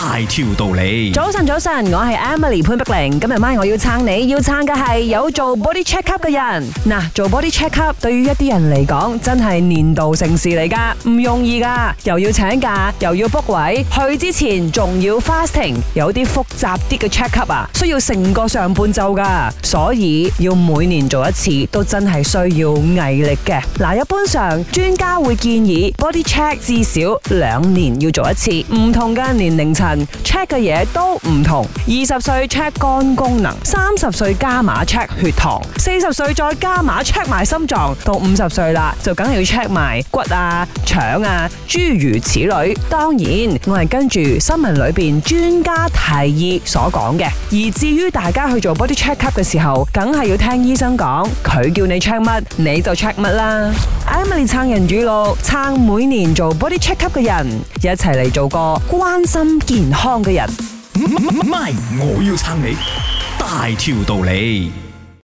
大條道理。早晨，早晨，我係 Emily 潘碧玲。今日晚我要撐你，要撐嘅係有做 body checkup 嘅人。嗱，做 body checkup 對於一啲人嚟講，真係年度盛事嚟噶，唔容易噶，又要請假，又要 book 位，去之前仲要 fasting，有啲複雜啲嘅 checkup 啊，需要成個上半晝噶，所以要每年做一次都真係需要毅力嘅。嗱，一般上專家會建議 body check 至少兩年要做一次，唔同嘅年齡層，check 嘅嘢都唔同，二十歲 check 肝功能，三十歲加碼 check 血糖，四十歲再加碼 check 埋心臟，到五十歲啦就梗係要 check 埋骨啊、腸啊諸如此類。當然我係跟住新聞裏邊專家提議所講嘅，而至於大家去做 body check up 嘅時候，梗係要聽醫生講，佢叫你 check 乜你就 check 乜啦。Emily 撐人語錄，撐每年做 body check up 嘅人，一齊嚟做個關心健。健康嘅人，唔係我要撐你，大條道理。